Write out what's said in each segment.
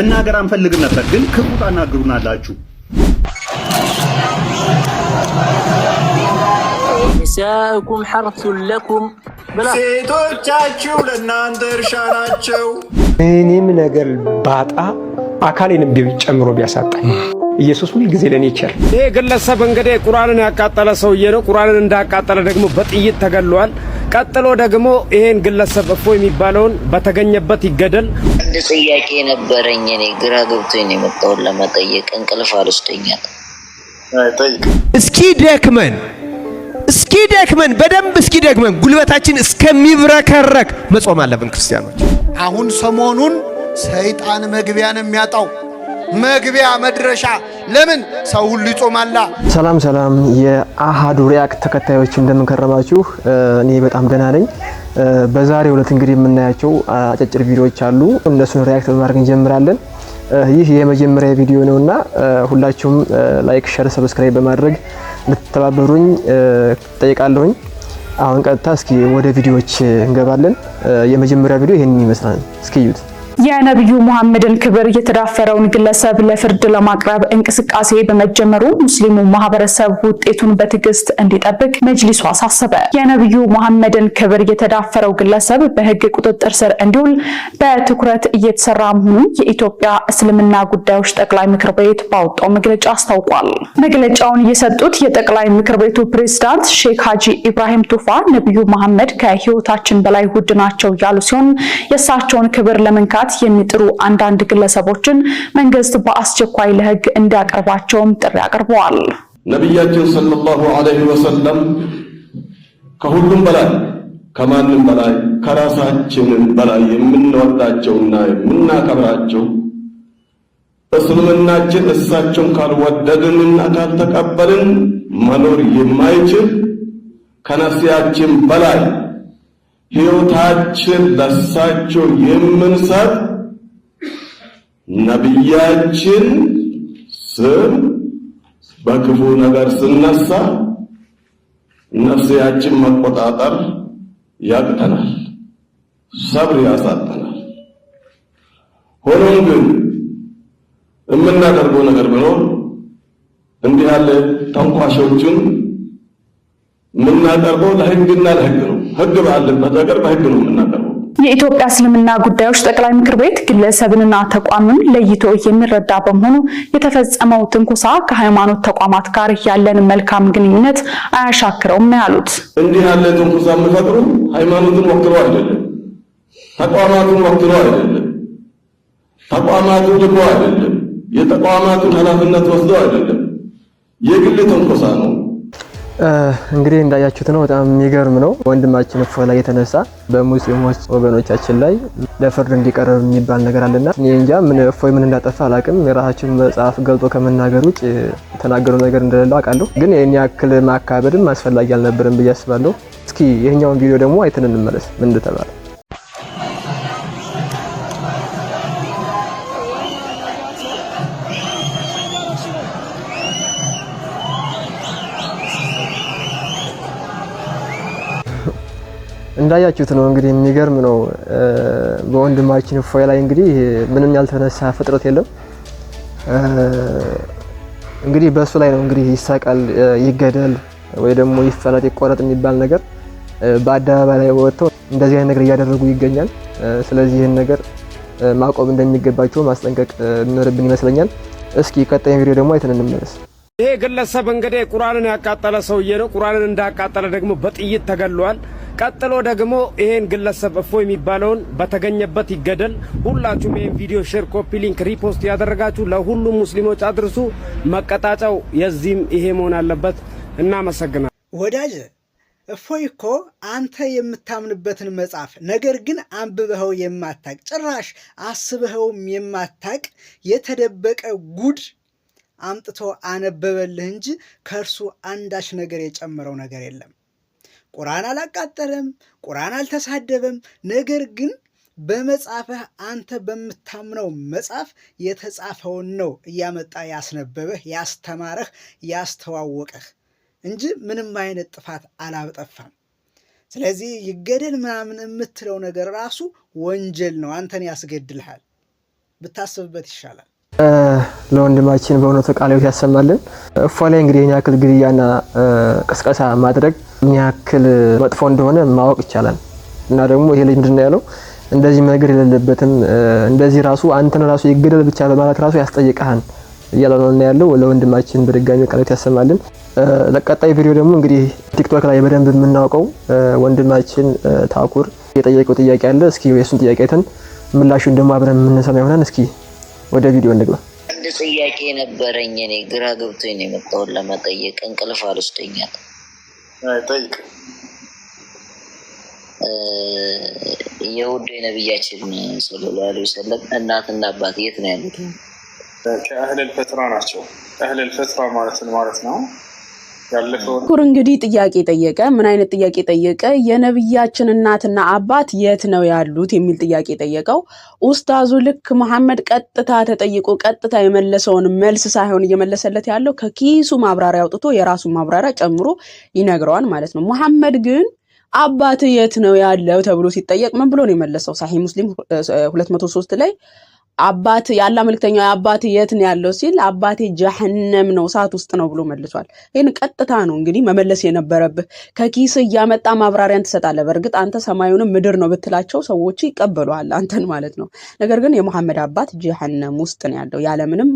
መናገር አንፈልግም ነበር፣ ግን ክፉ ታናግሩናላችሁ። ኒሳኡኩም ሐርሱን ለኩም ሴቶቻችሁ ለእናንተ እርሻ ናቸው። እኔም ነገር ባጣ አካሌንም ጨምሮ ቢያሳጣኝ ኢየሱስ ሁል ጊዜ ለእኔ ይችላል። ይህ ግለሰብ እንግዲህ ቁርአንን ያቃጠለ ሰውዬ ነው። ቁርአንን እንዳቃጠለ ደግሞ በጥይት ተገሏል። ቀጥሎ ደግሞ ይሄን ግለሰብ እፎ የሚባለውን በተገኘበት ይገደል። አንድ ጥያቄ ነበረኝ። እኔ ግራ ገብቶኝ ነው የመጣሁት ለመጠየቅ። እንቅልፍ አልወስደኛል። እስኪ ደክመን እስኪ ደክመን በደንብ እስኪ ደክመን ጉልበታችን እስከሚብረከረክ መጾም አለብን ክርስቲያኖች። አሁን ሰሞኑን ሰይጣን መግቢያን የሚያጣው መግቢያ መድረሻ። ለምን ሰው ሁሉ ይጾማላ። ሰላም ሰላም፣ የአሃዱ ሪያክ ተከታዮች እንደምንከረማችሁ። እኔ በጣም ደህና ነኝ። በዛሬው ዕለት እንግዲህ የምናያቸው አጫጭር ቪዲዮዎች አሉ። እነሱን ሪያክት በማድረግ እንጀምራለን። ይህ የመጀመሪያ ቪዲዮ ነውና ሁላችሁም ላይክ፣ ሸር፣ ሰብስክራይብ በማድረግ እንድትተባበሩኝ ጠይቃለሁኝ። አሁን ቀጥታ እስኪ ወደ ቪዲዮዎች እንገባለን። የመጀመሪያ ቪዲዮ ይህንን ይመስላል። እስኪ እዩት። የነቢዩ ሙሐመድን ክብር የተዳፈረውን ግለሰብ ለፍርድ ለማቅረብ እንቅስቃሴ በመጀመሩ ሙስሊሙ ማህበረሰብ ውጤቱን በትዕግስት እንዲጠብቅ መጅሊሱ አሳሰበ። የነቢዩ መሐመድን ክብር የተዳፈረው ግለሰብ በህግ ቁጥጥር ስር እንዲውል በትኩረት እየተሰራ መሆኑን የኢትዮጵያ እስልምና ጉዳዮች ጠቅላይ ምክር ቤት ባወጣው መግለጫ አስታውቋል። መግለጫውን የሰጡት የጠቅላይ ምክር ቤቱ ፕሬዝዳንት ሼክ ሀጂ ኢብራሂም ቱፋ ነቢዩ መሐመድ ከህይወታችን በላይ ውድ ናቸው ያሉ ሲሆን የእሳቸውን ክብር ለመንካ ለመርዳት የሚጥሩ አንዳንድ ግለሰቦችን መንግስት በአስቸኳይ ለህግ እንዲያቀርባቸውም ጥሪ አቅርበዋል። ነቢያችን ሰለላሁ ዐለይሂ ወሰለም ከሁሉም በላይ ከማንም በላይ ከራሳችንን በላይ የምንወዳቸውና የምናከብራቸው እስልምናችን እሳቸውን ካልወደድንና ካልተቀበልን መኖር የማይችል ከነፍሲያችን በላይ ሕይወታችን ለሳቸው የምንሰጥ ነቢያችን ስም በክፉ ነገር ስነሳ ነፍስያችን መቆጣጠር ያቅተናል፣ ሰብር ያሳጠናል። ሆኖም ግን የምናደርገው ነገር ቢኖር እንዲህ ያለ ተንኳሾችን የምናቀርበው ለሕግና ለሕግ ነው። ህግ ባለበት ነገር በህግ ነው የምናቀርበው። የኢትዮጵያ እስልምና ጉዳዮች ጠቅላይ ምክር ቤት ግለሰብንና ተቋምን ለይቶ የሚረዳ በመሆኑ የተፈጸመው ትንኮሳ ከሃይማኖት ተቋማት ጋር ያለን መልካም ግንኙነት አያሻክረውም ያሉት እንዲህ ያለ ትንኮሳ የሚፈጥሩ ሃይማኖትን ወክሮ አይደለም፣ ተቋማቱን ወክሮ አይደለም፣ ተቋማቱን ልኮ አይደለም፣ የተቋማቱን ኃላፊነት ወስዶ አይደለም፣ የግል ትንኮሳ ነው። እንግዲህ እንዳያችሁት ነው። በጣም የሚገርም ነው። ወንድማችን እፎ ላይ የተነሳ በሙስሊሞች ወገኖቻችን ላይ ለፍርድ እንዲቀርብ የሚባል ነገር አለና እኔ እንጃ ምን እፎ ምን እንዳጠፋ አላቅም። የራሳችን መጽሐፍ ገልጦ ከመናገር ውጭ የተናገሩ ነገር እንደሌለው አውቃለሁ። ግን ይህን ያክል ማካበድም አስፈላጊ አልነበርም ብዬ አስባለሁ። እስኪ ይህኛውን ቪዲዮ ደግሞ አይተን እንመለስ ምን እንደተባለ እንዳያችሁት ነው እንግዲህ የሚገርም ነው። በወንድማችን እፎይ ላይ እንግዲህ ምንም ያልተነሳ ፍጥረት የለም። እንግዲህ በእሱ ላይ ነው እንግዲህ ይሳቃል፣ ይገደል ወይ ደግሞ ይፈረጥ፣ ይቆረጥ የሚባል ነገር በአደባባይ ላይ ወጥተው እንደዚህ አይነት ነገር እያደረጉ ይገኛል። ስለዚህ ይህን ነገር ማቆም እንደሚገባቸው ማስጠንቀቅ የሚኖርብን ይመስለኛል። እስኪ ቀጣይ ቪዲዮ ደግሞ አይተን እንመለስ። ይሄ ግለሰብ እንግዲህ ቁርአንን ያቃጠለ ሰውዬ ነው። ቁርአንን እንዳቃጠለ ደግሞ በጥይት ተገሏል። ቀጥሎ ደግሞ ይሄን ግለሰብ እፎ የሚባለውን በተገኘበት ይገደል። ሁላችሁም ይሄን ቪዲዮ ሼር፣ ኮፒ ሊንክ፣ ሪፖስት ያደረጋችሁ ለሁሉም ሙስሊሞች አድርሱ። መቀጣጫው የዚህም ይሄ መሆን አለበት። እናመሰግናል ወዳጅ እፎይ እኮ አንተ የምታምንበትን መጽሐፍ ነገር ግን አንብበኸው የማታቅ ጭራሽ አስበኸውም የማታቅ የተደበቀ ጉድ አምጥቶ አነበበልህ እንጂ ከእርሱ አንዳች ነገር የጨመረው ነገር የለም። ቁርአን አላቃጠለም፣ ቁርአን አልተሳደበም። ነገር ግን በመጽሐፍህ አንተ በምታምነው መጽሐፍ የተጻፈውን ነው እያመጣ ያስነበበህ፣ ያስተማረህ፣ ያስተዋወቀህ እንጂ ምንም አይነት ጥፋት አላጠፋም። ስለዚህ ይገደል ምናምን የምትለው ነገር ራሱ ወንጀል ነው፣ አንተን ያስገድልሃል። ብታስብበት ይሻላል። ለወንድማችን በእውነቱ ቃለ ሕይወት ያሰማልን። እፎ ላይ እንግዲህ ይህን ያክል ግድያና ቅስቀሳ ማድረግ ምን ያክል መጥፎ እንደሆነ ማወቅ ይቻላል። እና ደግሞ ይሄ ልጅ ምንድን ነው ያለው? እንደዚህ መግር የሌለበትም እንደዚህ ራሱ አንተን ራሱ ይገደል ብቻ በማለት ራሱ ያስጠይቀሃል እያለነው ያለው። ለወንድማችን በድጋሚ ቃለ ያሰማልን። ለቀጣይ ቪዲዮ ደግሞ እንግዲህ ቲክቶክ ላይ በደንብ የምናውቀው ወንድማችን ታኩር የጠየቀው ጥያቄ አለ። እስኪ የሱን ጥያቄ አይተን ምላሹን ደግሞ አብረን የምንሰማ ይሆናል። እስኪ ወደ ቪዲዮ እንግባ። አንድ ጥያቄ ነበረኝ። እኔ ግራ ገብቶኝ ነው የመጣሁት ለመጠየቅ። እንቅልፍ አልወስደኛል። ጠይቅ። የውድ የነብያችን ሰለላሁ ዐለይሂ ወሰለም እናትና አባት የት ነው ያሉት? ከአህለል ፈትራ ናቸው። አህለል ፈትራ ማለት ማለት ነው ኩር እንግዲህ ጥያቄ ጠየቀ። ምን አይነት ጥያቄ ጠየቀ? የነብያችን እናትና አባት የት ነው ያሉት የሚል ጥያቄ ጠየቀው። ኡስታዙ ልክ መሐመድ ቀጥታ ተጠይቆ ቀጥታ የመለሰውን መልስ ሳይሆን እየመለሰለት ያለው ከኪሱ ማብራሪያ አውጥቶ የራሱን ማብራሪያ ጨምሮ ይነግረዋል ማለት ነው። መሐመድ ግን አባት የት ነው ያለው ተብሎ ሲጠየቅ ምን ብሎ ነው የመለሰው? ሳሂህ ሙስሊም 203 ላይ አባት ያላ መልክተኛ አባት የት ነው ያለው ሲል አባቴ ጀሐነም ነው እሳት ውስጥ ነው ብሎ መልሷል። ይህን ቀጥታ ነው እንግዲህ መመለስ የነበረብህ። ከኪስ እያመጣ ማብራሪያን ትሰጣለህ። በእርግጥ አንተ ሰማዩንም ምድር ነው ብትላቸው ሰዎች ይቀበሏል አንተን ማለት ነው። ነገር ግን የመሐመድ አባት ጀሐነም ውስጥ ነው ያለው ያለምንም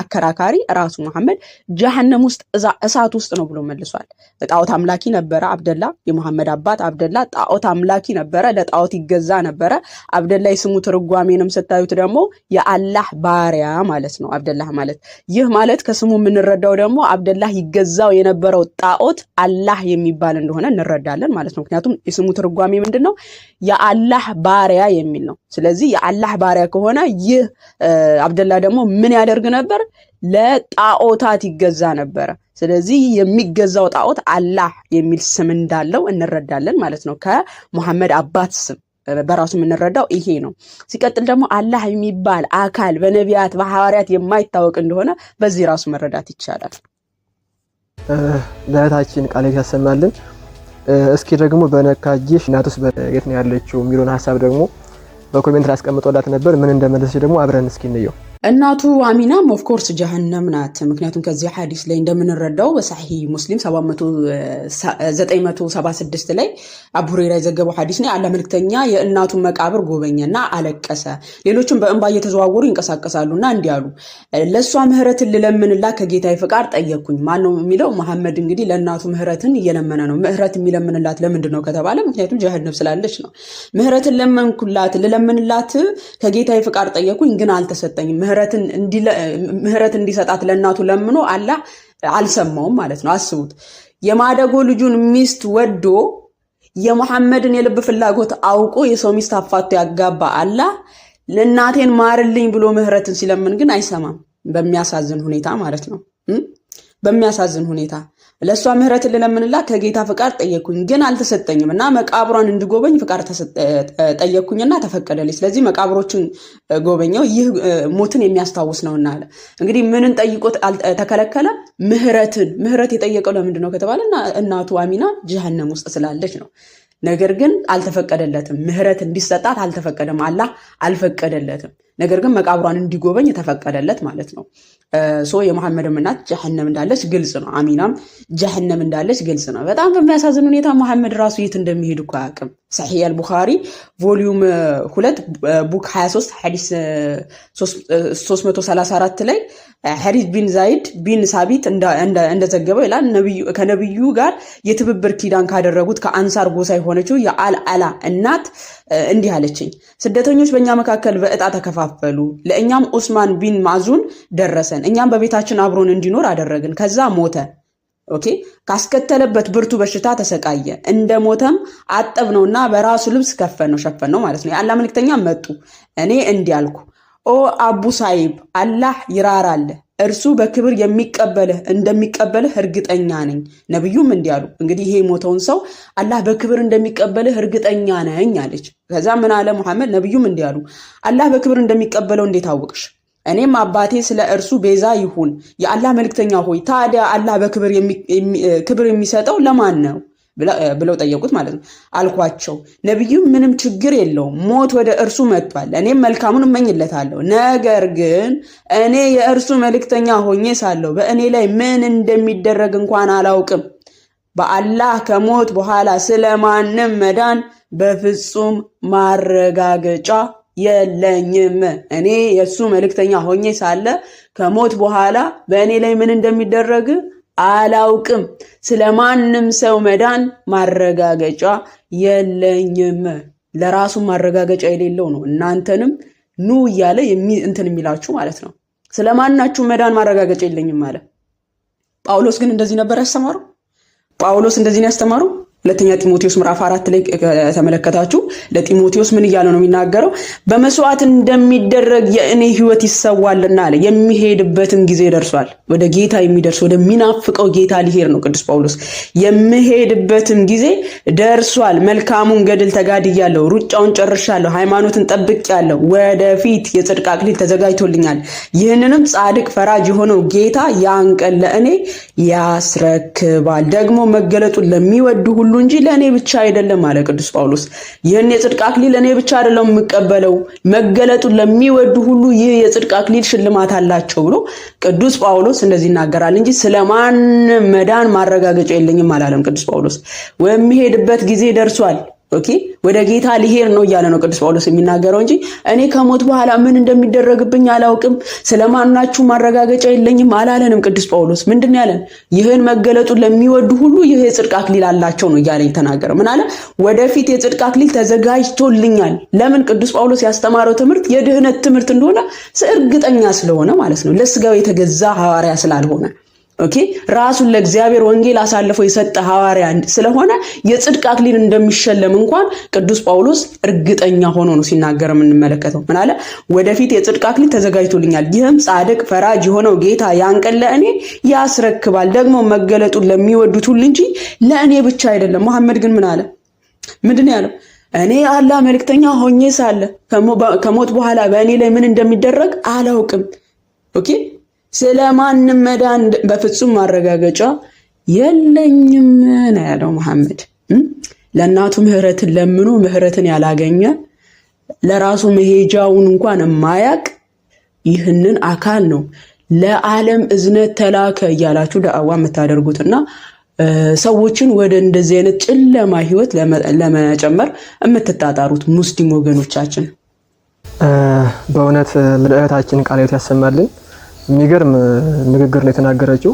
አከራካሪ ራሱ መሐመድ ጀሃነም ውስጥ እሳት ውስጥ ነው ብሎ መልሷል። ጣዖት አምላኪ ነበረ አብደላ። የመሐመድ አባት አብደላ ጣዖት አምላኪ ነበረ፣ ለጣዖት ይገዛ ነበረ። አብደላ የስሙ ትርጓሜንም ስታዩት ደግሞ የአላህ ባሪያ ማለት ነው አብደላ ማለት። ይህ ማለት ከስሙ የምንረዳው ደግሞ አብደላ ይገዛው የነበረው ጣዖት አላህ የሚባል እንደሆነ እንረዳለን ማለት ነው። ምክንያቱም የስሙ ትርጓሜ ምንድን ነው? የአላህ ባሪያ የሚል ነው። ስለዚህ የአላህ ባሪያ ከሆነ ይህ አብደላ ደግሞ ምን ያደርግ ነበር? ነበር? ለጣዖታት ይገዛ ነበረ። ስለዚህ የሚገዛው ጣዖት አላህ የሚል ስም እንዳለው እንረዳለን ማለት ነው። ከሙሐመድ አባት ስም በራሱ የምንረዳው ይሄ ነው። ሲቀጥል ደግሞ አላህ የሚባል አካል በነቢያት በሐዋርያት የማይታወቅ እንደሆነ በዚህ ራሱ መረዳት ይቻላል። ለእህታችን ቃሌት ያሰማልን። እስኪ ደግሞ በነካጅሽ እናትስ የት ነው ያለችው የሚለውን ሀሳብ ደግሞ በኮሜንት ላስቀምጦላት ነበር። ምን እንደመለሰች ደግሞ አብረን እስኪ እንየው። እናቱ አሚናም ኦፍኮርስ ጀሀነም ናት። ምክንያቱም ከዚህ ሀዲስ ላይ እንደምንረዳው በሳሒ ሙስሊም 976 ላይ አቡ ሁሬራ የዘገበው ሀዲስ ነው። አላህ መልክተኛ የእናቱን መቃብር ጎበኘና አለቀሰ። ሌሎችም በእንባ እየተዘዋወሩ ይንቀሳቀሳሉና እንዲህ አሉ፣ ለእሷ ምህረትን ልለምንላ ከጌታዬ ፍቃድ ጠየቅኩኝ። ማነው የሚለው መሐመድ እንግዲህ ለእናቱ ምህረትን እየለመነ ነው። ምህረት የሚለምንላት ለምንድን ነው ከተባለ ምክንያቱም ጀሃነም ስላለች ነው። ምህረትን ለመንኩላት ልለምንላት ከጌታዬ ፍቃድ ጠየኩኝ፣ ግን አልተሰጠኝም ምህረት እንዲሰጣት ለእናቱ ለምኖ አላ አልሰማውም ማለት ነው። አስቡት የማደጎ ልጁን ሚስት ወዶ የመሐመድን የልብ ፍላጎት አውቆ የሰው ሚስት አፋቶ ያጋባ አላ ለእናቴን ማርልኝ ብሎ ምህረትን ሲለምን ግን አይሰማም። በሚያሳዝን ሁኔታ ማለት ነው። በሚያሳዝን ሁኔታ ለእሷ ምህረትን ልለምንላት ከጌታ ፍቃድ ጠየኩኝ ግን አልተሰጠኝም እና መቃብሯን እንድጎበኝ ፍቃድ ጠየኩኝና ተፈቀደልኝ። ስለዚህ መቃብሮችን ጎበኘው፣ ይህ ሞትን የሚያስታውስ ነውና አለ። እንግዲህ ምንን ጠይቆ ተከለከለ? ምህረትን። ምህረት የጠየቀው ለምንድን ነው ከተባለ እናቱ አሚና ጀሃነም ውስጥ ስላለች ነው። ነገር ግን አልተፈቀደለትም። ምህረት እንዲሰጣት አልተፈቀደም። አላህ አልፈቀደለትም። ነገር ግን መቃብሯን እንዲጎበኝ የተፈቀደለት ማለት ነው። ሶ የመሐመድም እናት ጀሐነም እንዳለች ግልጽ ነው። አሚናም ጀሐነም እንዳለች ግልጽ ነው። በጣም በሚያሳዝን ሁኔታ መሐመድ ራሱ የት እንደሚሄድ እኮ አያውቅም። ሰሒ አልቡኻሪ ቮሊዩም ሁለት ቡክ 23 ሐዲስ 334 ላይ ሐሪስ ቢን ዛይድ ቢን ሳቢት እንደዘገበው ይላል ከነቢዩ ጋር የትብብር ኪዳን ካደረጉት ከአንሳር ጎሳ የሆነችው የአልአላ እናት እንዲህ አለችኝ፣ ስደተኞች በእኛ መካከል በእጣ ተከፋፍ ተካፈሉ። ለእኛም ኦስማን ቢን ማዙን ደረሰን፣ እኛም በቤታችን አብሮን እንዲኖር አደረግን። ከዛ ሞተ። ኦኬ ካስከተለበት ብርቱ በሽታ ተሰቃየ። እንደ ሞተም አጠብ እና በራሱ ልብስ ከፈን ነው ሸፈን ነው ማለት ነው። የአላህ መልክተኛ መጡ። እኔ እንዲህ አልኩ፣ ኦ አቡ ሳይብ አላህ ይራራል እርሱ በክብር የሚቀበልህ እንደሚቀበልህ እርግጠኛ ነኝ። ነቢዩም እንዲህ አሉ። እንግዲህ ይሄ የሞተውን ሰው አላህ በክብር እንደሚቀበልህ እርግጠኛ ነኝ አለች። ከዛ ምን አለ መሐመድ? ነቢዩም እንዲህ አሉ፣ አላህ በክብር እንደሚቀበለው እንዴት አወቅሽ? እኔም አባቴ ስለ እርሱ ቤዛ ይሁን። የአላህ መልክተኛ ሆይ ታዲያ አላህ በክብር ክብር የሚሰጠው ለማን ነው ብለው ጠየቁት ማለት ነው። አልኳቸው ነቢዩ ምንም ችግር የለውም ሞት ወደ እርሱ መጥቷል፣ እኔም መልካሙን እመኝለታለሁ። ነገር ግን እኔ የእርሱ መልእክተኛ ሆኜ ሳለሁ በእኔ ላይ ምን እንደሚደረግ እንኳን አላውቅም። በአላህ ከሞት በኋላ ስለ ማንም መዳን በፍጹም ማረጋገጫ የለኝም። እኔ የእሱ መልእክተኛ ሆኜ ሳለ ከሞት በኋላ በእኔ ላይ ምን እንደሚደረግ አላውቅም። ስለ ማንም ሰው መዳን ማረጋገጫ የለኝም። ለራሱ ማረጋገጫ የሌለው ነው እናንተንም ኑ እያለ እንትን የሚላችሁ ማለት ነው። ስለ ማናችሁ መዳን ማረጋገጫ የለኝም አለ። ጳውሎስ ግን እንደዚህ ነበር ያስተማሩ? ጳውሎስ እንደዚህ ነው ያስተማሩ? ሁለተኛ ጢሞቴዎስ ምዕራፍ አራት ላይ ከተመለከታችሁ ለጢሞቴዎስ ምን እያለ ነው የሚናገረው? በመስዋዕት እንደሚደረግ የእኔ ህይወት ይሰዋልና አለ። የሚሄድበትን ጊዜ ደርሷል። ወደ ጌታ የሚደርስ ወደሚናፍቀው ጌታ ሊሄድ ነው ቅዱስ ጳውሎስ። የምሄድበትን ጊዜ ደርሷል። መልካሙን ገድል ተጋድያለሁ፣ ሩጫውን ጨርሻለሁ፣ ሃይማኖትን ጠብቄያለሁ። ወደፊት የጽድቅ አክሊል ተዘጋጅቶልኛል። ይህንንም ጻድቅ ፈራጅ የሆነው ጌታ ያን ቀን ለእኔ ያስረክባል። ደግሞ መገለጡን ለሚወዱ ሁሉ ሁሉ እንጂ ለእኔ ብቻ አይደለም አለ ቅዱስ ጳውሎስ። ይህን የጽድቅ አክሊል እኔ ብቻ አይደለም የምቀበለው፣ መገለጡን ለሚወዱ ሁሉ ይህ የጽድቅ አክሊል ሽልማት አላቸው ብሎ ቅዱስ ጳውሎስ እንደዚህ ይናገራል እንጂ ስለማንም መዳን ማረጋገጫ የለኝም አላለም ቅዱስ ጳውሎስ። ወሚሄድበት ጊዜ ደርሷል ኦኬ ወደ ጌታ ሊሄድ ነው እያለ ነው ቅዱስ ጳውሎስ የሚናገረው እንጂ እኔ ከሞት በኋላ ምን እንደሚደረግብኝ አላውቅም፣ ስለማናችሁ ማረጋገጫ የለኝም አላለንም። ቅዱስ ጳውሎስ ምንድን ያለን? ይህን መገለጡ ለሚወዱ ሁሉ ይህ የጽድቅ አክሊል አላቸው ነው እያለ የተናገረው። ምን አለ? ወደፊት የጽድቅ አክሊል ተዘጋጅቶልኛል። ለምን? ቅዱስ ጳውሎስ ያስተማረው ትምህርት የድህነት ትምህርት እንደሆነ እርግጠኛ ስለሆነ ማለት ነው። ለስጋው የተገዛ ሐዋርያ ስላልሆነ ኦኬ ራሱን ለእግዚአብሔር ወንጌል አሳልፎ የሰጠ ሐዋርያ ስለሆነ የጽድቅ አክሊል እንደሚሸለም እንኳን ቅዱስ ጳውሎስ እርግጠኛ ሆኖ ነው ሲናገር የምንመለከተው። ምን አለ? ወደፊት የጽድቅ አክሊል ተዘጋጅቶልኛል፣ ይህም ጻድቅ ፈራጅ የሆነው ጌታ ያን ቀን ለእኔ ያስረክባል። ደግሞ መገለጡን ለሚወዱት ሁሉ እንጂ ለእኔ ብቻ አይደለም። መሐመድ ግን ምን አለ? ምንድን ያለው? እኔ አላ መልክተኛ ሆኜ ሳለ ከሞት በኋላ በእኔ ላይ ምን እንደሚደረግ አላውቅም። ኦኬ ስለ ማንም መዳን በፍጹም ማረጋገጫ የለኝም ነው ያለው መሐመድ። ለእናቱ ምህረትን ለምኖ ምህረትን ያላገኘ ለራሱ መሄጃውን እንኳን የማያቅ ይህንን አካል ነው ለዓለም እዝነት ተላከ እያላችሁ ደዕዋ የምታደርጉትና ሰዎችን ወደ እንደዚህ አይነት ጨለማ ህይወት ለመጨመር የምትጣጣሩት ሙስሊም ወገኖቻችን በእውነት ምልእታችን ቃልዮት ያሰማልን። የሚገርም ንግግር ነው የተናገረችው።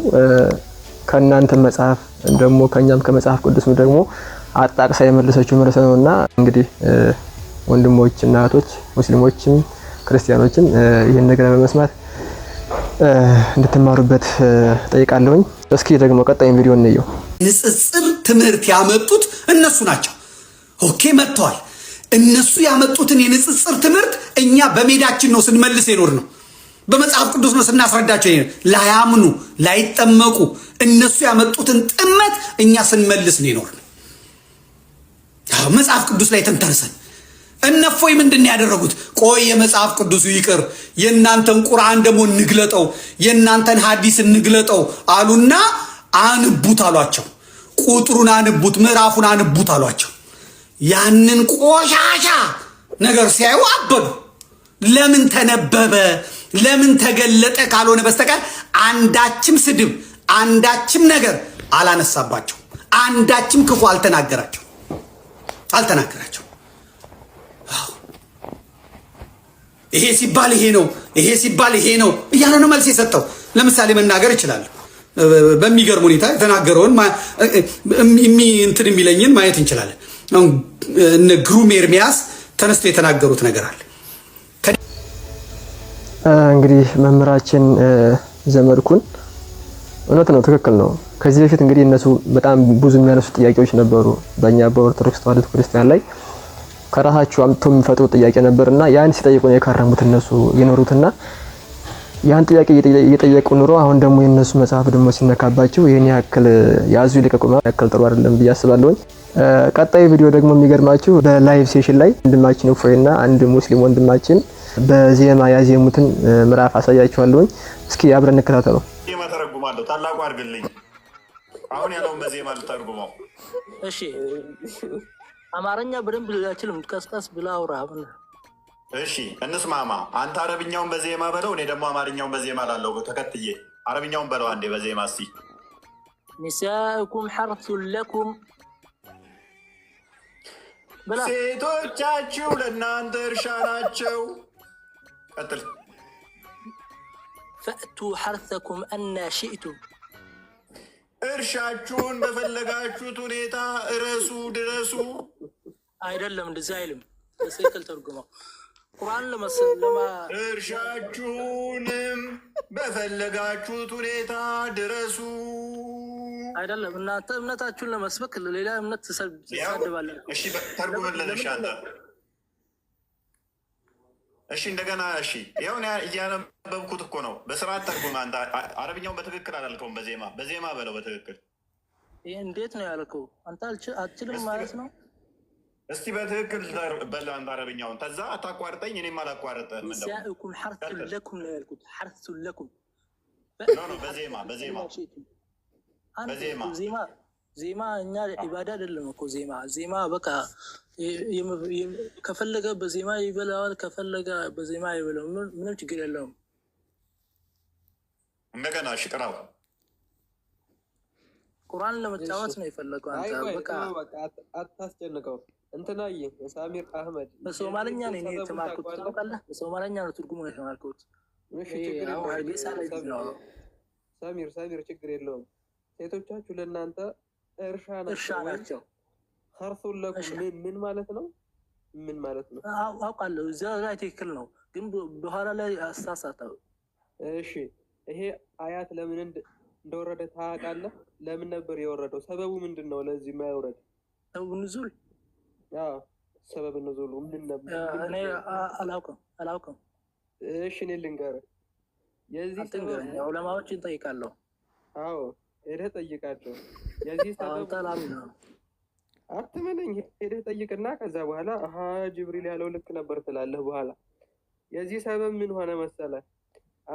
ከእናንተ መጽሐፍ ደግሞ ከእኛም ከመጽሐፍ ቅዱስ ደግሞ አጣቅሳ የመለሰችው መለሰ ነው እና እንግዲህ ወንድሞች እና እህቶች ሙስሊሞችም ክርስቲያኖችም ይህን ነገር በመስማት እንድትማሩበት ጠይቃለሁኝ። እስኪ ደግሞ ቀጣይ ቪዲዮ እንየው። ንጽጽር ትምህርት ያመጡት እነሱ ናቸው። ኦኬ መጥተዋል። እነሱ ያመጡትን የንጽጽር ትምህርት እኛ በሜዳችን ነው ስንመልስ የኖር ነው በመጽሐፍ ቅዱስ ነው ስናስረዳቸው፣ ላያምኑ ላይጠመቁ እነሱ ያመጡትን ጥመት እኛ ስንመልስ ነው ይኖር መጽሐፍ ቅዱስ ላይ ተንተርሰን እነፎይ ምንድን ነው ያደረጉት? ቆይ የመጽሐፍ ቅዱሱ ይቅር፣ የእናንተን ቁርአን ደግሞ እንግለጠው፣ የእናንተን ሀዲስ እንግለጠው አሉና አንቡት አሏቸው። ቁጥሩን አንቡት፣ ምዕራፉን አንቡት አሏቸው። ያንን ቆሻሻ ነገር ሲያዩ አበዱ። ለምን ተነበበ? ለምን ተገለጠ ካልሆነ በስተቀር አንዳችም ስድብ፣ አንዳችም ነገር አላነሳባቸው፣ አንዳችም ክፉ አልተናገራቸው አልተናገራቸው። ይሄ ሲባል ይሄ ነው፣ ይሄ ሲባል ይሄ ነው እያለ ነው መልስ የሰጠው። ለምሳሌ መናገር ይችላል። በሚገርም ሁኔታ የተናገረውን እንትን የሚለኝን ማየት እንችላለን። እነ ግሩም ኤርሚያስ ተነስቶ የተናገሩት ነገር አለ እንግዲህ መምህራችን ዘመድኩን እውነት ነው፣ ትክክል ነው። ከዚህ በፊት እንግዲህ እነሱ በጣም ብዙ የሚያነሱ ጥያቄዎች ነበሩ በእኛ በኦርቶዶክስ ተዋሕዶ ክርስቲያን ላይ ከራሳቸው አምጥተው የሚፈጥሩ ጥያቄ ነበርና ያን ሲጠይቁ ነው የከረሙት እነሱ የኖሩትና ያን ጥያቄ እየጠየቁ ኑሮ አሁን ደግሞ የእነሱ መጽሐፍ ደግሞ ሲነካባቸው ይህን ያክል ያዙ ይልቀቁማ ያክል ጥሩ አይደለም ብዬ አስባለሁኝ። ቀጣይ ቪዲዮ ደግሞ የሚገርማችሁ በላይቭ ሴሽን ላይ ወንድማችን እፎይና አንድ ሙስሊም ወንድማችን በዜማ ያዜሙትን ምዕራፍ አሳያችኋለሁኝ። እስኪ አብረን እንከታተለው። ዜማ ተረጉማለሁ። ታላቁ አድርግልኝ። አሁን ያለውን በዜማ ልተርጉመው። እሺ፣ አማርኛ በደንብ ልላችልም፣ ቀስቀስ ብላ አውራ። እሺ፣ እንስማማ። አንተ አረብኛውን በዜማ በለው፣ እኔ ደግሞ አማርኛውን በዜማ ላለው ተከትዬ። አረብኛውን በለው አንዴ በዜማ እስኪ። ኒሳኩም ሐርቱን ለኩም ሴቶቻችሁ ለእናንተ እርሻ ናቸው። ቀጥል። ፈእቱ ሐርሰኩም አና ሽእቱም እርሻችሁን በፈለጋችሁት ሁኔታ እረሱ፣ ድረሱ። አይደለም እንደዚህ አይልም። በትክክል ተርጉመው ቁርአን እርሻችሁንም በፈለጋችሁት ሁኔታ ድረሱ። አይደለም እናንተ እምነታችሁን ለመስበክ ሌላ እምነት ትሰድባለን። እሺ ተርጉመለን እሺ እንደገና እሺ፣ ይሁን እያነበብኩት እኮ ነው። በስርዓት ተርጉም። አንተ አረብኛውን በትክክል አላልከውም። በዜማ በዜማ በለው በትክክል። ይህ እንዴት ነው ያልከው? አንተ አትችልም ማለት ነው። እስቲ በትክክል በለ አንተ አረብኛውን። ተዛ አታቋርጠኝ፣ እኔም አላቋርጠህም። ኒሳኡኩም ሐርሱን ለኩም ነው ያልኩት። ሐርሱን ለኩም በዜማ በዜማ በዜማ ዜማ እኛ ኢባዳ አይደለም እኮ ዜማ ዜማ በቃ ከፈለገ በዜማ ይበላዋል፣ ከፈለገ በዜማ ይበላው። ምንም ችግር የለውም። እንደገና ሽቅራው ቁርአን ለመጫወት ነው የፈለገው። አታስጨንቀው። እንትናዬ ሳሚር አህመድ በሶማለኛ ነው የተማርኩት፣ ታውቃለህ። በሶማለኛ ነው ትርጉሙ ነው የተማርኩት። ሳሚር ሳሚር ችግር የለውም። ሴቶቻችሁ ለእናንተ እርሻ ናቸው። ሀርሱን ለኩም ምን ማለት ነው? ምን ማለት ነው? አውቃለሁ። እዚያ ላይ ትክክል ነው፣ ግን በኋላ ላይ አሳሳተው። እሺ ይሄ አያት ለምን እንደወረደ ታውቃለህ? ለምን ነበር የወረደው? ሰበቡ ምንድን ነው? ለዚህ የማይወረድ ሰበቡ ንዙል ሰበብ ንዙሉ ምን ነበር? እኔ አላውቅም አላውቅም። እሺ እኔ ልንገርህ የዚህ ሰበብ ዑለማዎች አዎ ሄደህ ጠይቃቸው። የዚህ አትመነኝ። ሄደህ ጠይቅና ከዛ በኋላ አሀ ጅብሪል ያለው ልክ ነበር ትላለህ። በኋላ የዚህ ሰበብ ምን ሆነ መሰለ፣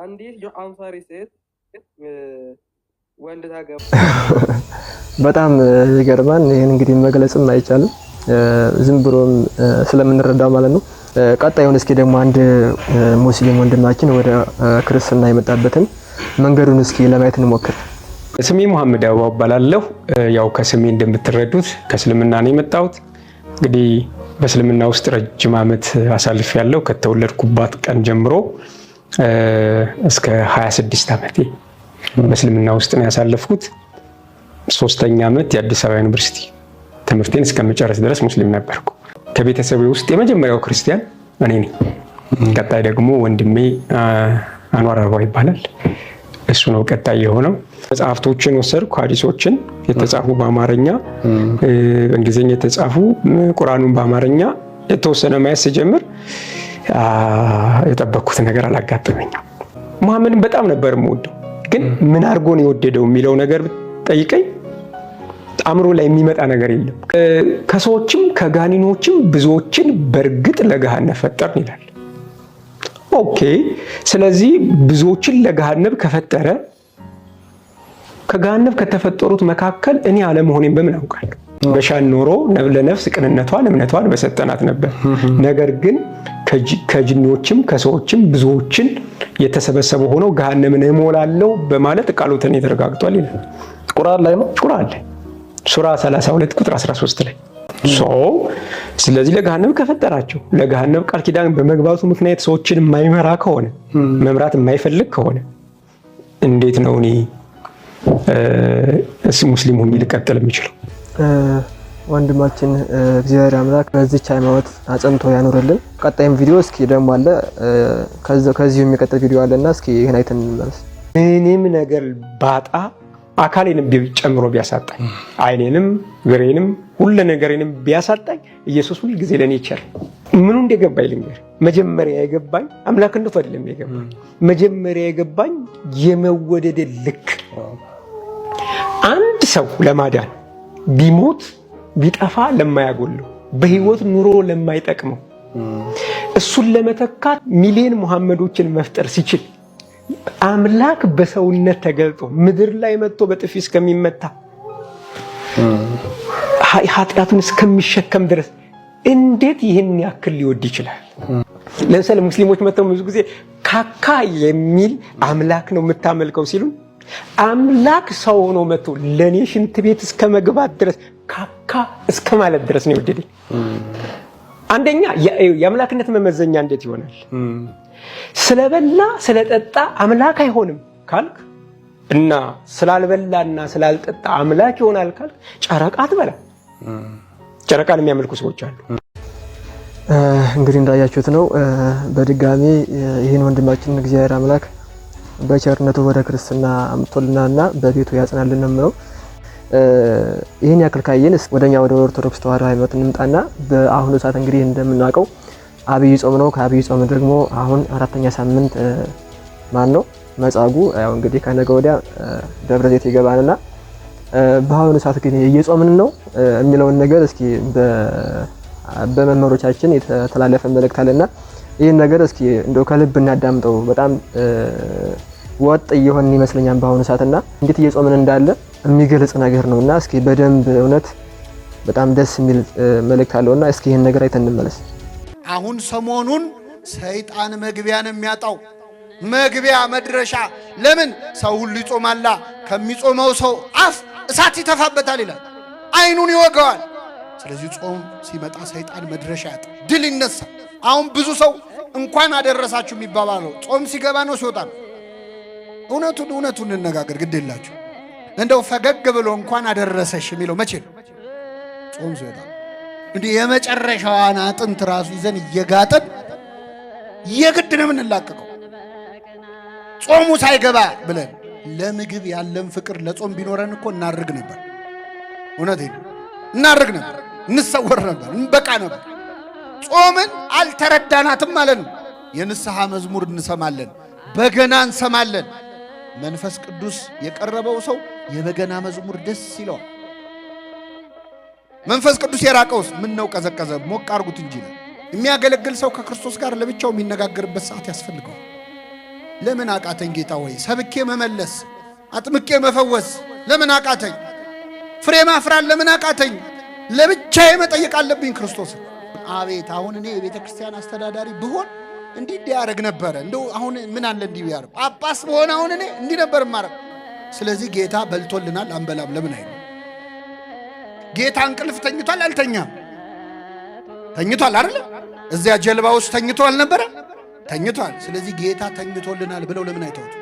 አንዲት የአንሳሪ ሴት ወንድ ታገባ። በጣም ይገርማል። ይህን እንግዲህ መግለጽም አይቻልም ዝም ብሎም ስለምንረዳው ማለት ነው። ቀጣዩን እስኪ ደግሞ አንድ ሙስሊም ወንድማችን ወደ ክርስትና የመጣበትን መንገዱን እስኪ ለማየት እንሞክር። ስሜ መሐመድ አበባ እባላለሁ። ያው ከስሜ እንደምትረዱት ከእስልምና ነው የመጣሁት። እንግዲህ በእስልምና ውስጥ ረጅም ዓመት አሳልፍ ያለው ከተወለድኩባት ቀን ጀምሮ እስከ 26 ዓመቴ በእስልምና ውስጥ ነው ያሳለፍኩት። ሶስተኛ ዓመት የአዲስ አበባ ዩኒቨርሲቲ ትምህርቴን እስከመጨረስ ድረስ ሙስሊም ነበርኩ። ከቤተሰቤ ውስጥ የመጀመሪያው ክርስቲያን እኔ ነኝ። ቀጣይ ደግሞ ወንድሜ አኗር አበባ ይባላል። እሱ ነው ቀጣይ የሆነው። መጽሐፍቶችን ወሰድኩ፣ ሀዲሶችን የተጻፉ በአማርኛ በእንግሊዝኛ የተጻፉ ቁርአኑን በአማርኛ የተወሰነ ማየት ስጀምር የጠበኩት ነገር አላጋጠመኝም። መሐመድን በጣም ነበር የምወደው፣ ግን ምን አድርጎን የወደደው የሚለው ነገር ጠይቀኝ አእምሮ ላይ የሚመጣ ነገር የለም። ከሰዎችም ከጋኒኖችም ብዙዎችን በእርግጥ ለገሃነም ፈጠርን ይላል። ኦኬ። ስለዚህ ብዙዎችን ለገሃነብ ከፈጠረ ከገሃነብ ከተፈጠሩት መካከል እኔ አለመሆኔን በምን አውቃለሁ? በሻን ኖሮ ለነፍስ ቅንነቷን እምነቷን በሰጠናት ነበር። ነገር ግን ከጅኖችም ከሰዎችም ብዙዎችን የተሰበሰበ ሆኖ ገሃነምን እሞላለሁ በማለት ቃሎትን የተረጋግጧል ይላል። ቁርአን ላይ ነው። ቁርአን ላይ ሱራ 32 ቁጥር 13 ላይ ስለዚህ ለገሃነም ከፈጠራቸው ለገሃነም ቃል ኪዳን በመግባቱ ምክንያት ሰዎችን የማይመራ ከሆነ መምራት የማይፈልግ ከሆነ እንዴት ነው እኔ ሙስሊም ሆኜ ልቀጥል የሚችለው? ወንድማችን እግዚአብሔር አምላክ በዚች ሃይማኖት አጽንቶ ያኖርልን። ቀጣይም ቪዲዮ እስኪ ደግሞ አለ ከዚሁ የሚቀጥል ቪዲዮ አለና እስኪ ይህን አይተን እንመለስ። ምንም ነገር ባጣ አካሌንም ጨምሮ ቢያሳጣኝ አይኔንም፣ ግሬንም፣ ሁለ ነገሬንም ቢያሳጣኝ ኢየሱስ ሁል ጊዜ ለእኔ ይቻል። ምኑ እንደገባኝ ልንገር። መጀመሪያ የገባኝ አምላክነቱ አይደለም የገባኝ መጀመሪያ የገባኝ የመወደድ ልክ አንድ ሰው ለማዳን ቢሞት ቢጠፋ ለማያጎለው በህይወት ኑሮ ለማይጠቅመው እሱን ለመተካት ሚሊዮን መሐመዶችን መፍጠር ሲችል አምላክ በሰውነት ተገልጦ ምድር ላይ መጥቶ በጥፊ እስከሚመታ ኃጢአቱን እስከሚሸከም ድረስ እንዴት ይህን ያክል ሊወድ ይችላል? ለምሳሌ ሙስሊሞች መጥተው ብዙ ጊዜ ካካ የሚል አምላክ ነው የምታመልከው ሲሉ አምላክ ሰው ሆኖ መጥቶ ለእኔ ሽንት ቤት እስከ መግባት ድረስ ካካ እስከ ማለት ድረስ ነው የወደደኝ። አንደኛ የአምላክነት መመዘኛ እንዴት ይሆናል? ስለበላ ስለጠጣ አምላክ አይሆንም ካልክ እና ስላልበላና ስላልጠጣ አምላክ ይሆናል ካልክ ጨረቃ አትበላ። ጨረቃን የሚያመልኩ ሰዎች አሉ። እንግዲህ እንዳያችሁት ነው። በድጋሚ ይህን ወንድማችንን እግዚአብሔር አምላክ በቸርነቱ ወደ ክርስትና አምጦልናና በቤቱ ያጽናልን ነው ይህን ያክል ካየንስ ወደኛ ወደ ኦርቶዶክስ ተዋህዶ ሃይማኖት እንምጣና በአሁኑ ሰዓት እንግዲህ እንደምናውቀው አብይ ጾም ነው። ከአብይ ጾም ደግሞ አሁን አራተኛ ሳምንት ማን ነው መጻጉ ያው እንግዲህ ከነገ ወዲያ ደብረ ዘይት ይገባልና በአሁኑ ሰዓት ግን እየጾምን ነው የሚለውን ነገር እስኪ በመምህሮቻችን የተተላለፈ መልእክት አለና ይህን ነገር እስኪ እንደው ከልብ እናዳምጠው። በጣም ወጥ እየሆን ይመስለኛል በአሁኑ ሰዓትና እንዴት እየጾምን እንዳለ የሚገልጽ ነገር ነው እና እስኪ በደንብ እውነት በጣም ደስ የሚል መልእክት አለውና እስኪ ይህን ነገር አይተን እንመለስ። አሁን ሰሞኑን ሰይጣን መግቢያን የሚያጣው፣ መግቢያ መድረሻ። ለምን ሰው ሁሉ ይጾማላ፣ ከሚጾመው ሰው አፍ እሳት ይተፋበታል ይላል፣ አይኑን ይወገዋል። ስለዚህ ጾም ሲመጣ ሰይጣን መድረሻ ያጣ፣ ድል ይነሳል። አሁን ብዙ ሰው እንኳን አደረሳችሁ የሚባባለው ጾም ሲገባ ነው ሲወጣ ነው። እውነቱን እውነቱን እንነጋገር ግድ የላችሁ እንደው ፈገግ ብሎ እንኳን አደረሰሽ የሚለው መቼ ነው? ጾም ሲወጣ እንዲህ የመጨረሻዋን አጥንት ራሱ ይዘን እየጋጠን የግድ ነው የምንላቀቀው። ጾሙ ሳይገባ ብለን ለምግብ ያለን ፍቅር ለጾም ቢኖረን እኮ እናርግ ነበር። እውነት እናርግ ነበር፣ እንሰወር ነበር፣ እንበቃ ነበር። ጾምን አልተረዳናትም ማለት ነው። የንስሐ መዝሙር እንሰማለን፣ በገና እንሰማለን። መንፈስ ቅዱስ የቀረበው ሰው የበገና መዝሙር ደስ ይለዋል። መንፈስ ቅዱስ የራቀውስ ምን ነው? ቀዘቀዘ፣ ሞቅ አርጉት እንጂ ነው። የሚያገለግል ሰው ከክርስቶስ ጋር ለብቻው የሚነጋገርበት ሰዓት ያስፈልገዋል። ለምን አቃተኝ ጌታ ወይ? ሰብኬ መመለስ፣ አጥምቄ መፈወስ ለምን አቃተኝ? ፍሬ ማፍራት ለምን አቃተኝ? ለብቻዬ መጠየቅ አለብኝ ክርስቶስ። አቤት አሁን እኔ የቤተ ክርስቲያን አስተዳዳሪ ብሆን እንዲህ እንዲያደርግ ነበረ። እንደው አሁን ምን አለ እንዲህ ያደርግ ጳጳስ በሆነ አሁን እኔ እንዲህ ነበር ማረግ ስለዚህ ጌታ በልቶልናል፣ አንበላም። ለምን አይሉ ጌታ እንቅልፍ ተኝቷል፣ አልተኛም? ተኝቷል አይደለ? እዚያ ጀልባ ውስጥ ተኝቶ አልነበረ? ተኝቷል። ስለዚህ ጌታ ተኝቶልናል ብለው ለምን አይተውት?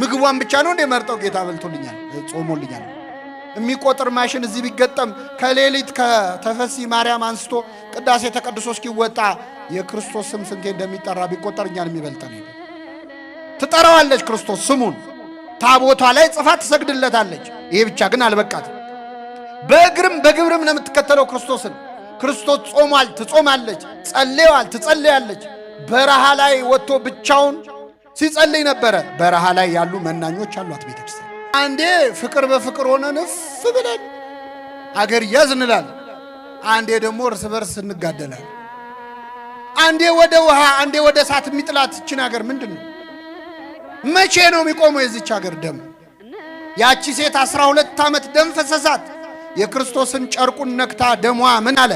ምግቧን ብቻ ነው እንደ መርጠው ጌታ በልቶልኛል፣ ጾሞልኛል። የሚቆጥር ማሽን እዚህ ቢገጠም ከሌሊት ከተፈሲ ማርያም አንስቶ ቅዳሴ ተቀድሶ እስኪወጣ የክርስቶስ ስም ስንቴ እንደሚጠራ ቢቆጠር እኛን የሚበልጠን ትጠራዋለች ክርስቶስ ስሙን ታቦቷ ላይ ጽፋ ትሰግድለታለች። ይሄ ብቻ ግን አልበቃት በእግርም በግብርም ነው የምትከተለው ክርስቶስን። ክርስቶስ ጾሟል፣ ትጾማለች። ጸልየዋል፣ ትጸልያለች። በረሃ ላይ ወጥቶ ብቻውን ሲጸልይ ነበረ። በረሃ ላይ ያሉ መናኞች አሏት ቤተክርስቲያን። አንዴ ፍቅር በፍቅር ሆነን እፍ ብለን አገር ያዝ እንላለን። አንዴ ደግሞ እርስ በርስ እንጋደላለን። አንዴ ወደ ውሃ፣ አንዴ ወደ እሳት የሚጥላት እችን አገር ምንድን ነው? መቼ ነው የሚቆመው የዚች ሀገር ደም? ያቺ ሴት አስራ ሁለት ዓመት ደም ፈሰሳት። የክርስቶስን ጨርቁን ነክታ ደሟ ምን አለ?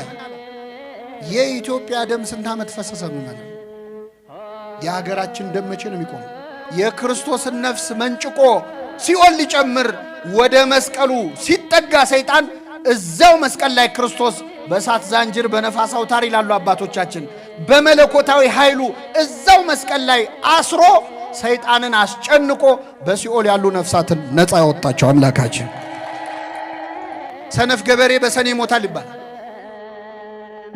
የኢትዮጵያ ደም ስንት ዓመት ፈሰሰ? ምን አለ? የሀገራችን ደም መቼ ነው የሚቆመው? የክርስቶስን ነፍስ መንጭቆ ሲኦል ሊጨምር ወደ መስቀሉ ሲጠጋ ሰይጣን እዛው መስቀል ላይ ክርስቶስ በእሳት ዛንጅር በነፋስ አውታር ይላሉ አባቶቻችን፣ በመለኮታዊ ኃይሉ እዛው መስቀል ላይ አስሮ ሰይጣንን አስጨንቆ በሲኦል ያሉ ነፍሳትን ነፃ ያወጣቸው አምላካችን። ሰነፍ ገበሬ በሰኔ ይሞታል ይባላል።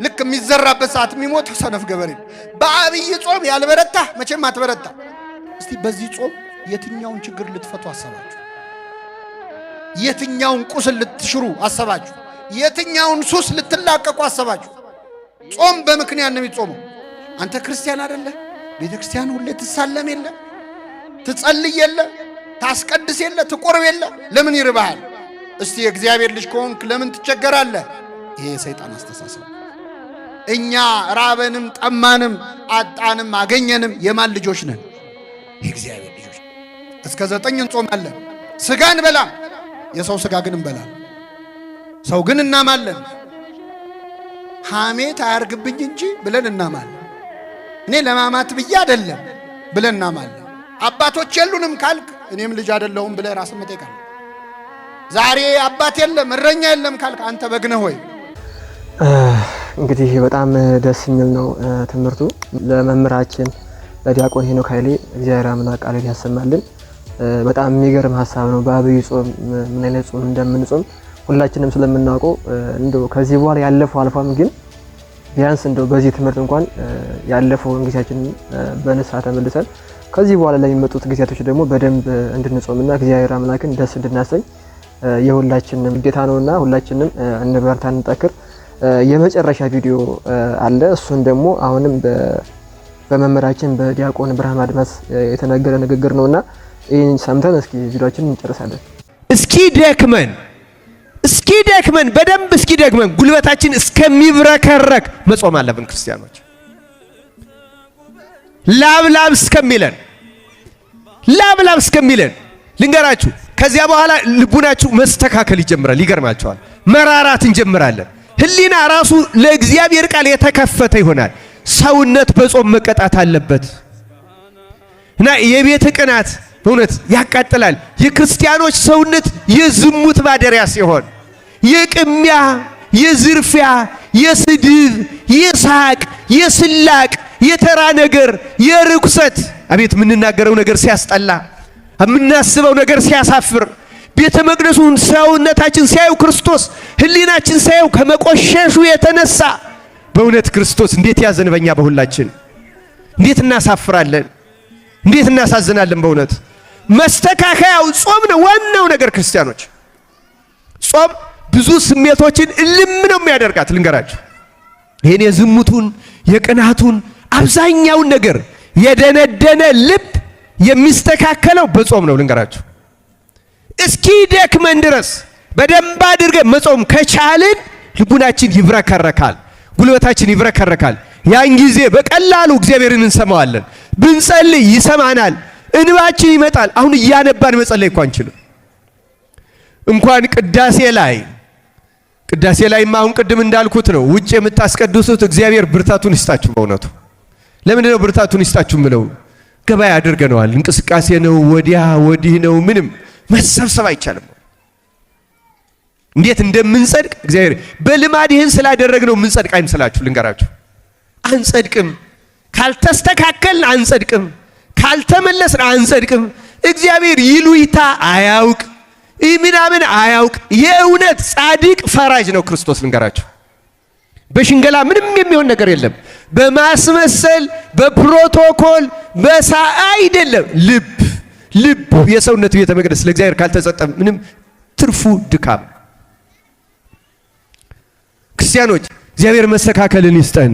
ልክ የሚዘራበት ሰዓት የሚሞት ሰነፍ ገበሬ። በአብይ ጾም ያልበረታ መቼም አትበረታ። እስቲ በዚህ ጾም የትኛውን ችግር ልትፈቱ አሰባችሁ? የትኛውን ቁስል ልትሽሩ አሰባችሁ? የትኛውን ሱስ ልትላቀቁ አሰባችሁ? ጾም በምክንያት ነው የሚጾመው። አንተ ክርስቲያን አይደለህ? ቤተ ክርስቲያን ሁሌ ትሳለም የለም ትጸልይ የለ ታስቀድስ የለ ትቆርብ የለ ለምን ይርባሃል? እስቲ የእግዚአብሔር ልጅ ከሆንክ ለምን ትቸገራለህ? ይሄ የሰይጣን አስተሳሰብ። እኛ ራበንም፣ ጠማንም፣ አጣንም፣ አገኘንም የማን ልጆች ነን? የእግዚአብሔር ልጆች። እስከ ዘጠኝ እንጾማለን፣ ስጋ እንበላም፣ የሰው ስጋ ግን እንበላል። ሰው ግን እናማለን። ሐሜት አያርግብኝ እንጂ ብለን እናማለን። እኔ ለማማት ብዬ አይደለም ብለን እናማለን። አባቶች የሉንም ካልክ እኔም ልጅ አይደለሁም ብለህ ራስን መጠየቅ ዛሬ አባት የለም እረኛ የለም ካልክ አንተ በግ ነህ ወይ? እንግዲህ በጣም ደስ የሚል ነው ትምህርቱ። ለመምህራችን ለዲያቆን ሄኖክ ኃይሌ እግዚአብሔር አምላክ ቃልን ያሰማልን። በጣም የሚገርም ሀሳብ ነው። በአብይ ጾም ምን አይነት ጾም እንደምንጾም ሁላችንም ስለምናውቀው እንደው ከዚህ በኋላ ያለፈው አልፏም፣ ግን ቢያንስ እንደው በዚህ ትምህርት እንኳን ያለፈውን ጊዜያችንን በንስሐ ተመልሰን ከዚህ በኋላ ላይ የሚመጡት ጊዜያቶች ደግሞ በደንብ እንድንጾምና እግዚአብሔር አምላክን ደስ እንድናሰኝ የሁላችንም ግዴታ ነውና ሁላችንም እንበርታ፣ እንጠክር። የመጨረሻ ቪዲዮ አለ። እሱን ደግሞ አሁንም በመምህራችን በዲያቆን ብርሃን አድማስ የተነገረ ንግግር ነውና ይህን ሰምተን እስኪ ቪዲዮችን እንጨርሳለን። እስኪ ደክመን እስኪ ደክመን በደንብ እስኪ ደክመን ጉልበታችን እስከሚብረከረክ መጾም አለብን ክርስቲያኖች። ላብ ላብ እስከሚለን ላብ ላብ እስከሚለን ልንገራችሁ። ከዚያ በኋላ ልቡናችሁ መስተካከል ይጀምራል። ይገርማችኋል። መራራት እንጀምራለን። ህሊና ራሱ ለእግዚአብሔር ቃል የተከፈተ ይሆናል። ሰውነት በጾም መቀጣት አለበት እና የቤት ቅናት በእውነት ያቃጥላል። የክርስቲያኖች ሰውነት የዝሙት ማደሪያ ሲሆን የቅሚያ፣ የዝርፊያ፣ የስድብ፣ የሳቅ፣ የስላቅ የተራ ነገር የርኩሰት አቤት የምንናገረው ነገር ሲያስጠላ፣ የምናስበው ነገር ሲያሳፍር፣ ቤተ መቅደሱን ሰውነታችን ሲያዩ ክርስቶስ ህሊናችን ሲያዩ ከመቆሸሹ የተነሳ በእውነት ክርስቶስ እንዴት ያዘን! በሁላችን እንዴት እናሳፍራለን! እንዴት እናሳዝናለን! በእውነት መስተካከያው ጾም ነው። ዋናው ነገር ክርስቲያኖች፣ ጾም ብዙ ስሜቶችን እልም ነው የሚያደርጋት። ልንገራችሁ ይህን የዝሙቱን የቅናቱን አብዛኛውን ነገር የደነደነ ልብ የሚስተካከለው በጾም ነው። ልንገራችሁ እስኪ ደክመን ድረስ በደንብ አድርገን መጾም ከቻልን ልቡናችን ይብረከረካል፣ ጉልበታችን ይብረከረካል። ያን ጊዜ በቀላሉ እግዚአብሔርን እንሰማዋለን። ብንጸልይ ይሰማናል፣ እንባችን ይመጣል። አሁን እያነባን መጸለይ እኮ አንችልም። እንኳን ቅዳሴ ላይ ቅዳሴ ላይማ አሁን ቅድም እንዳልኩት ነው። ውጭ የምታስቀድሱት እግዚአብሔር ብርታቱን ይስጣችሁ በእውነቱ ለምንድነው ብርታቱን ይስጣችሁ ምለው? ገበያ አድርገነዋል። እንቅስቃሴ ነው፣ ወዲያ ወዲህ ነው። ምንም መሰብሰብ አይቻልም። እንዴት እንደምንጸድቅ እግዚአብሔር በልማድ ይህን ስላደረግነው የምንጸድቅ አይምስላችሁ። ልንገራችሁ፣ አንጸድቅም። ካልተስተካከልን አንጸድቅም። ካልተመለስን አንጸድቅም። እግዚአብሔር ይሉይታ አያውቅ፣ ምናምን አያውቅ። የእውነት ጻድቅ ፈራጅ ነው ክርስቶስ። ልንገራችሁ፣ በሽንገላ ምንም የሚሆን ነገር የለም። በማስመሰል በፕሮቶኮል በሳ አይደለም። ልብ ልብ የሰውነት ቤተ መቅደስ ለእግዚአብሔር ካልተሰጠ ምንም ትርፉ ድካም። ክርስቲያኖች እግዚአብሔር መስተካከልን ይስጠን።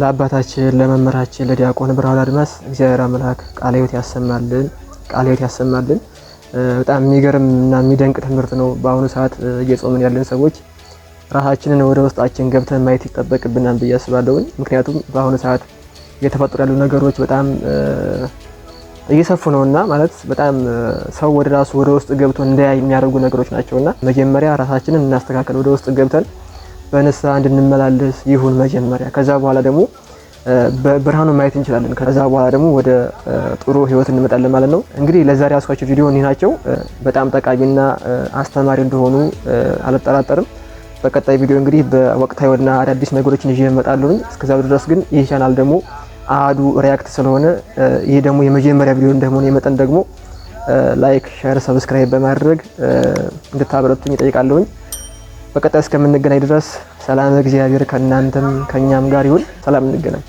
ለአባታችን ለመምህራችን ለዲያቆን ብርሃኑ አድማስ እግዚአብሔር አምላክ ቃለ ሕይወት ያሰማልን፣ ቃለ ሕይወት ያሰማልን። በጣም የሚገርም እና የሚደንቅ ትምህርት ነው። በአሁኑ ሰዓት እየጾምን ያለን ሰዎች ራሳችንን ወደ ውስጣችን ገብተን ማየት ይጠበቅብናል ብዬ አስባለሁ። ምክንያቱም በአሁኑ ሰዓት እየተፈጠሩ ያሉ ነገሮች በጣም እየሰፉ ነው እና ማለት በጣም ሰው ወደ ራሱ ወደ ውስጥ ገብቶ እንዳያይ የሚያደርጉ ነገሮች ናቸው እና መጀመሪያ ራሳችንን እናስተካከል። ወደ ውስጥ ገብተን በንስሐ እንድንመላለስ ይሁን መጀመሪያ። ከዛ በኋላ ደግሞ በብርሃኑ ማየት እንችላለን። ከዛ በኋላ ደግሞ ወደ ጥሩ ህይወት እንመጣለን ማለት ነው። እንግዲህ ለዛሬ ያስኳቸው ቪዲዮ እኒህ ናቸው። በጣም ጠቃሚና አስተማሪ እንደሆኑ አልጠራጠርም። በቀጣይ ቪዲዮ እንግዲህ በወቅታዊና አዳዲስ ነገሮችን ይዤ እመጣለሁ። እስከዛ ድረስ ግን ይህ ቻናል ደግሞ አዱ ሪያክት ስለሆነ ይህ ደግሞ የመጀመሪያ ቪዲዮ እንደሆነ የመጠን ደግሞ ላይክ፣ ሼር፣ ሰብስክራይብ በማድረግ እንድታበረቱኝ እጠይቃለሁኝ። በቀጣይ እስከምንገናኝ ድረስ ሰላም እግዚአብሔር ከእናንተም ከእኛም ጋር ይሁን። ሰላም እንገናኝ።